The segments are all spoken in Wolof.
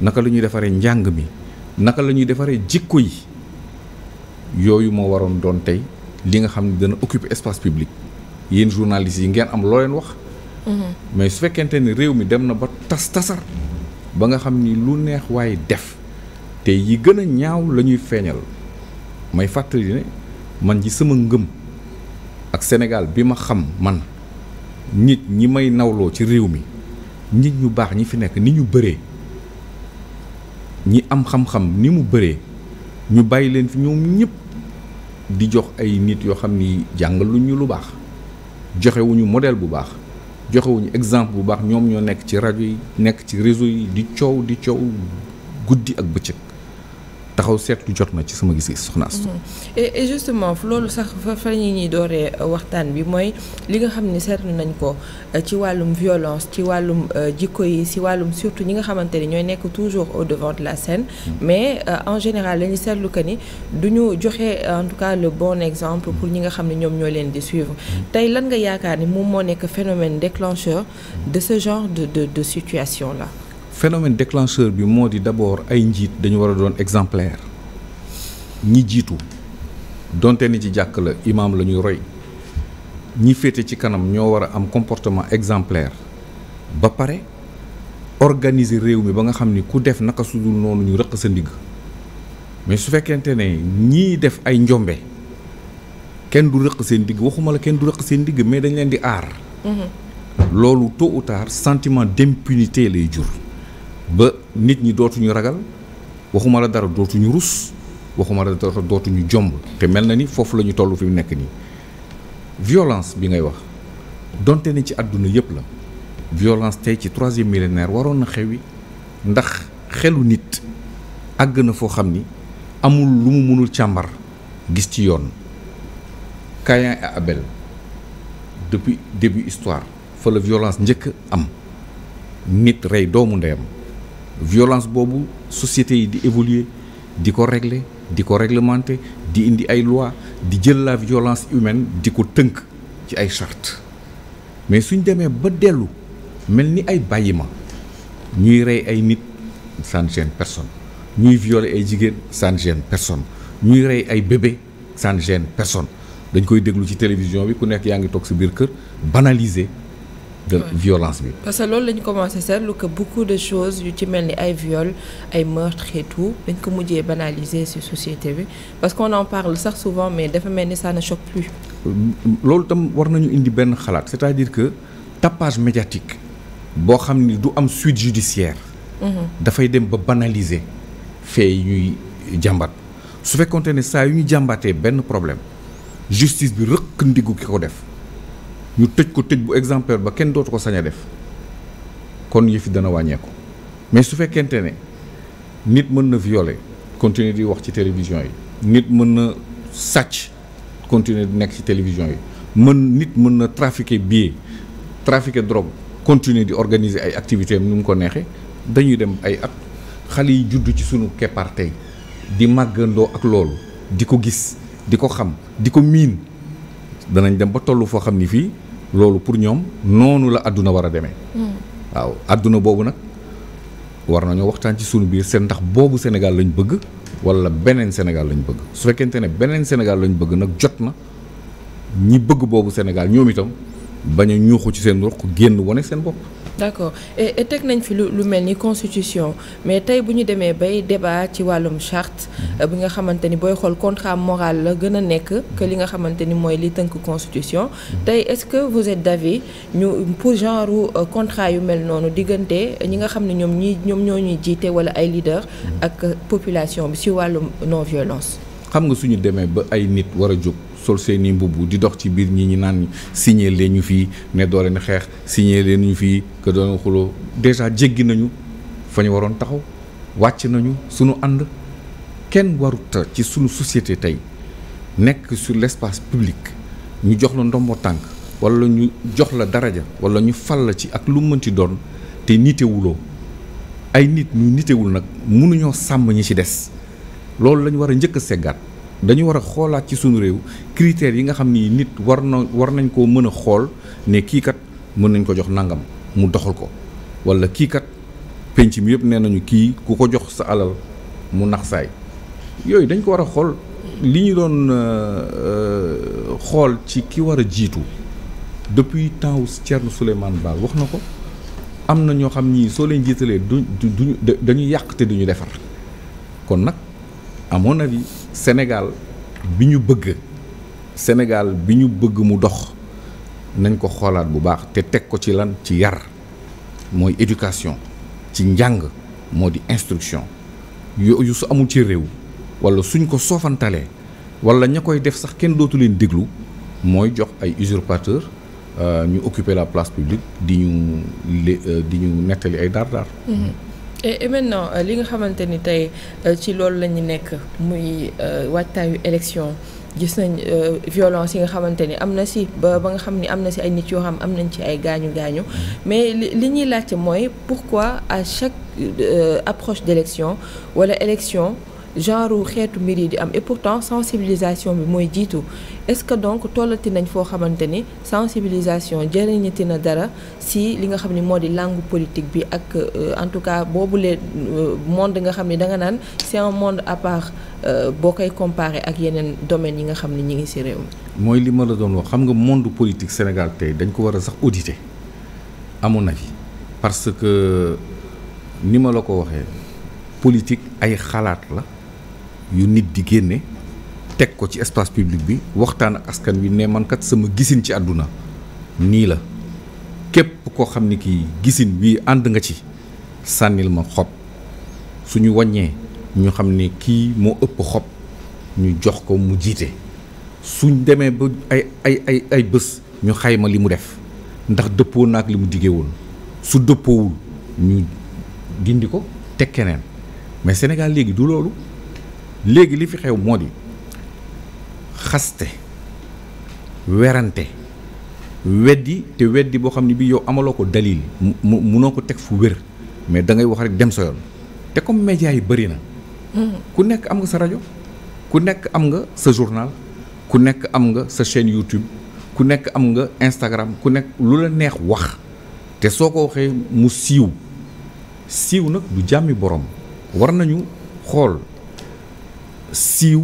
naka la ñuy defaree njàng mi naka la ñuy defaree jikko yi yooyu moo waroon doon tey li nga xam ne dana occuper espace public yéen journalistes yi ngeen am loo leen wax. Mhm. mais su fekkente ne réew mi dem na ba tas tasar ba nga xam ni lu neex waaye def te yi gën a ñaaw la ñuy feeñal may fàttali ne man ji sama ngëm ak Sénégal bi ma xam man nit ñi may nawloo ci réew mi nit ñu baax ñi fi nekk ni ñu bëree. ñi am xam-xam ni mu bëree ñu bàyyi leen fi ñoom ñëpp di jox ay nit yoo xam ni jàngaluñ ñu lu baax joxewuñu modelle bu baax joxewuñu exemple bu baax ñoom ñoo nekk ci rajo yi nekk ci réseau yi di coow di coow guddi ak bëccëg taxaw seetlu jot na ci sama gis-gis soxna Astou. Mm-hmm. et loolu sax fa fa ñuy ñuy dooree waxtaan bi mooy li nga xam ne seetlu nañ ko euh, ci wàllum violence ci wàllum euh, jikko yi si wàllum surtout ñi nga xamante ni ñooy nekk toujours au devant de la scène. Mm-hmm. mais euh, en général la seetlu que ni du ñu joxe en tout cas le bon exemple pour ñi nga xam ne ñoom ñoo leen di suivre. Mm-hmm. tey lan nga yaakaar ni moom moo nekk phénomène déclencheur de ce genre de de de situation la phénomène déclencheur bi moo di d'abord ay njiit dañu war doon exemplaire ñi jiitu donte ni ci jàkk la imaam la ñuy roy ñi féete ci kanam ñoo war a am comportement exemplaire ba pare organiser réew mi ba nga xam ni ku def naka su dul noonu ñu rëq sa ndigg mais su fekkente ne ñii def ay njombe kenn du rëq seen digg waxuma la kenn du rëq seen digg mais dañ leen di aar mhm. loolu tôt ou tard sentiment d'impunité lay jur ba nit ñi dootuñu ragal waxuma la dara dootuñu rus waxuma la dara dootuñu jomb te mel na ni foofu la ñu toll fi mu nekk nii violence bi ngay wax donte ne ci àdduna yëpp la violence tey ci troisième millénaire waroon na xewi ndax xelu nit àgg na foo xam ni amul lu mu mënul càmbar gis ci yoon Caïn et Abel depuis début histoire fa la violence njëkk am nit rey doomu ndeyam violence boobu société yi di évoluer di ko régler di ko réglementer di indi ay loi di jël la violence humaine di ko tënk ci ay charte mais suñ demee ba dellu mel ni ay bàyyima ñuy rey ay nit ça ne personne ñuy violer ay jigéen ça ne gêne personne ñuy rey ay bébé ça ne personne dañ koy déglu ci télévision bi ku nekk yaa ngi toog si biir kër banaliser de violence bi. parce que loolu lañu ñu commencé seetlu que beaucoup de choses yu ci mel ni ay viol ay meurtre et tout dañ ko mujjee banaliser ci société bi parce on en parle sax souvent mais dafa mel ni ça ne choque plus. loolu tam war nañu indi benn xalaat cest dire que tapage médiatique boo xam ni du am suite judiciaire. Mhm. dafay dem ba banaliser fee ñuy jàmbat su fekkoonte ne saa yu ñu jàmbatee benn problème justice bi rëkk ndiggu ki ko def. ñu tëj ko tëj bu exemplaire ba kenn dootu ko sañ def kon yëfi dana wàññeeku mais su fekkente ne nit mën na violer continuer di wax ci télévision yi nit mën na sàcc continuer di nekk ci télévision yi mën nit mën na trafiquer billet trafiquer drogue continuer di organiser ay activités am ni mu ko neexee dañuy dem ay at xale yi judd ci sunu keppaar tey di màggandoo ak loolu di ko gis di ko xam di ko miin danañ dem ba tollu foo xam ni fii loolu pour ñoom noonu la àdduna war a demee. Hmm. waaw àdduna boobu nag war nañoo waxtaan ci suñu biir seen ndax boobu Sénégal lañ bëgg wala beneen Sénégal lañ bëgg su fekkente ne beneen Sénégal lañ bëgg nag jot na ñi bëgg boobu Sénégal ñoom itam bañ a ñuuxu ci seen ruq génn wane seen bopp. d'accord et teg nañ fi lu lu mel ni constitution mais tey bu ñu demee bay débat ci wàllum charte mm-hmm. euh, bi nga xamante ni booy xool contrat moral la gën a nekk que li nga xamante ni mooy li tënk constitution mm-hmm. tey est-ce que vous êtes d'avis ñu pour genre euh, contrat yu mel noonu diggante ñi nga xam ne ñoom ñi ñoom ñoo ñuy jiite wala ay leader mm-hmm. ak population bi ci wàllum non violence xam nga suñu demee ba ay nit war a jóg sol seeni mbubb di dox ci biir ñi ñi naan signé leen ñu fii ne doo leen xeex signé leen ñu fii que doo leen xuloo déjà jéggi nañu fa ñu waroon taxaw wàcc nañu suñu ànd kenn waruta ci suñu société tey nekk sur l'espace public ñu jox la ndombo tànk wala ñu jox la daraja wala ñu fal la ci ak lu mënti doon te nitewuloo ay nit ñu nitewul nag mënuñoo sàmm ñi ci des loolu la ñu war a njëkk a seggaat dañu war a xoolaat ci suñu réew critères yi nga xam ni nit war na war nañ koo mën a xool ne kii kat mën nañ ko jox nangam mu doxal ko wala kii kat penc mi yëpp nee nañu kii ku ko jox sa alal mu nax saay yooyu dañ ko war a xool li ñu doon euh, euh, xool ci ki war a jiitu depuis temps wu Thierno Baal wax na ko am na ñoo xam ni soo leen jiitalee du du duñu dañu yàq te duñu defar kon nag. amoon na avis Sénégal bi ñu bëgg Sénégal bi ñu bëgg mu dox nañ ko xoolaat bu baax te teg ko ci lan ci yar mooy éducation ci njàng moo di instruction yooyu su amul ci réew wala suñ ko soofantalee wala ña koy def sax kenn dootu leen déglu mooy jox ay usurpateur euh, ñu occuper la place publique di ñu euh, di ñu nettali ay daar daar mm-hmm. et euh, li nga xamante ni tey euh, ci loolu la ñu nekk muy euh, waajtaayu élection gis nañ violence yi nga xamante ni am na si ba ba nga xam ni am na si ay nit yoo xam am nañ ci ay gaañu gaañu mais li ñuy laajte mooy pourquoi à chaque approche d'élection wala élection genre xeetu mbir yi di am et pourtant sensibilisation bi mooy jiitu est-ce que donc tollati nañ foo xamante ni sensibilisation jëriñati na dara si li nga xam ni moo di langue politique bi ak euh, en tout cas boobulee euh, monde nga xam ni da nga naan c'est un monde à part euh, boo koy comparé ak yeneen domaines yi nga xam ni ñu ngi si réew mi. mooy li ma la doon wax xam nga monde politique Sénégal tey dañ ko war a sax auditer amoon na fi parce que ni ma la ko waxee politique ay xalaat la. yu nit di génne teg ko ci espace public bi waxtaan ak askan wi ne man kat sama gisin ci àdduna nii la képp koo xam ni kii gisin bii ànd nga ci sànnil ma xob suñu waññee ñu xam ni kii moo ëpp xob ñu jox ko mu jiite suñ demee ba ay ay ay ay bés ñu xayma li mu def ndax dëppoo naag li mu diggee woon su dëppoowul ñu dindi ko te keneen mais Sénégal léegi du loolu léegi li fi xew moo di xaste werante weddi te weddi boo xam ne bii yow amaloo ko dalil mu munoo ko teg fu wér mais dangay wax rek dem sa yoon te comme média yi bëri na ku nekk am nga sa rajo ku nekk am nga sa journal ku nekk am nga sa chaîne YouTube ku nekk am nga Instagram ku nekk lu la neex wax te soo ko waxee mu siiw siiw nag du jàmmi borom war nañu xool siiw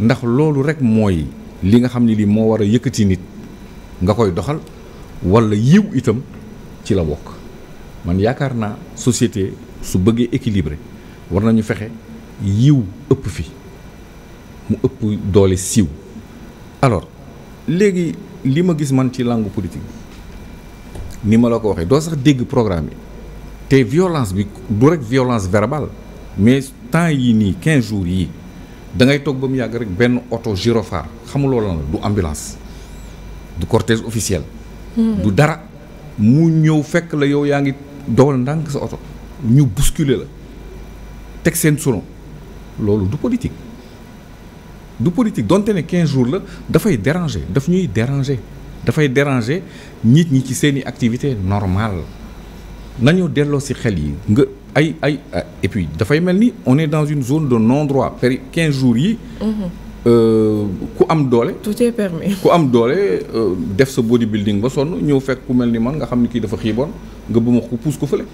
ndax loolu rek mooy li nga xam ni lii moo war a yëkkati nit nga koy doxal walla yiw itam ci la bokk man yaakaar naa société su bëggee équilibré war nañu fexe yiw ëpp fi mu ëpp doole siiw alors léegi li ma gis man ci langue politique bi ni ma la ko waxee doo sax dégg programme yi te violence bi du rekk violence verbale mais temps yi nii 15 jours da ngay toog ba mu yàgg rek benn oto gyrophare xamuloo lan la du ambulance du cortège officiel. Hmm. du dara mu ñëw fekk la yow yaa ngi dowal ndànk sa oto ñu bousculer la teg seen sono loolu du politique du politique donte ne 15 jours la dafay déranger daf ñuy déranger dafay déranger nit ñi ci seeni activité normale nañoo delloo si xel yi nga. ay ay et puis dafay mel ni on est dans une zone de non-droit péri 15 jours yi. Mhm. Euh, ku am doole. tout est permis ku am doole euh, def sa bodybuilding ba sonn ñëw fekk ku mel ni man nga xam ni kii dafa xiiboon nga bëgg ko pousse ko fële.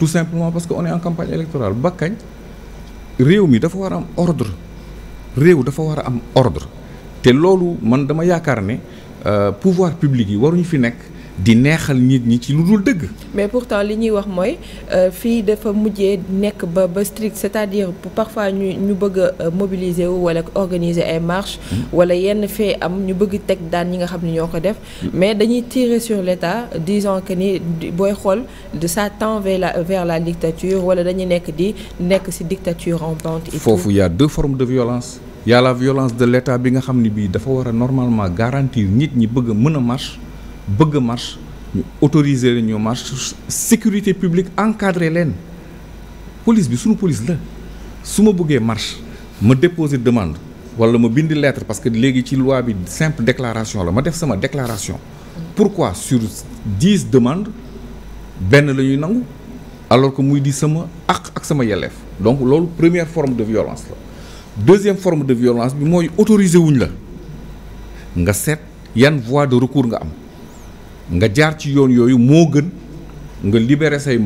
tout simplement parce que on est en campagne électorale ba kañ réew mi dafa war a am ordre réew dafa war a am ordre te loolu man dama yaakaar ne euh, pouvoir public yi waruñu fi nekk. di neexal nit ñi ci lu dul dëgg. mais pourtant li ñuy wax mooy euh, fii dafa mujjee nekk ba ba strict c'est-à-dire parfois ñu ñu bëgg a euh, mobiliser wu wala organiser ay marches. Hmm. wala yenn fee am ñu bëgg teg daan ñi nga xam ne ñoo ko def. Hmm. mais dañuy tirer sur l'État disons que ni booy xool de ça tend vers la vers la dictature wala dañuy nekk di nekk ci dictature rampante. et tout foofu y a deux formes de violence. y la violence de l'État bi nga xam ni bii dafa war a normalement garantir nit ñi bëgg mën a marche. bëgg marche ñu autoriser la ñu marche sécurité publique encadrer leen police bi suñu police la su ma bëggee marche ma déposer demande wala ma bind lettre parce que léegi ci loi bi simple déclaration la ma def sama déclaration pourquoi sur dix demande benn la ñuy nangu alors que muy di sama àq ak sama yelleef donc loolu première forme de violence la deuxième forme de violence bi mooy autoriser wuñ la nga seet yan voie de recours nga am nga jaar ci yoon yooyu moo gën nga libérer say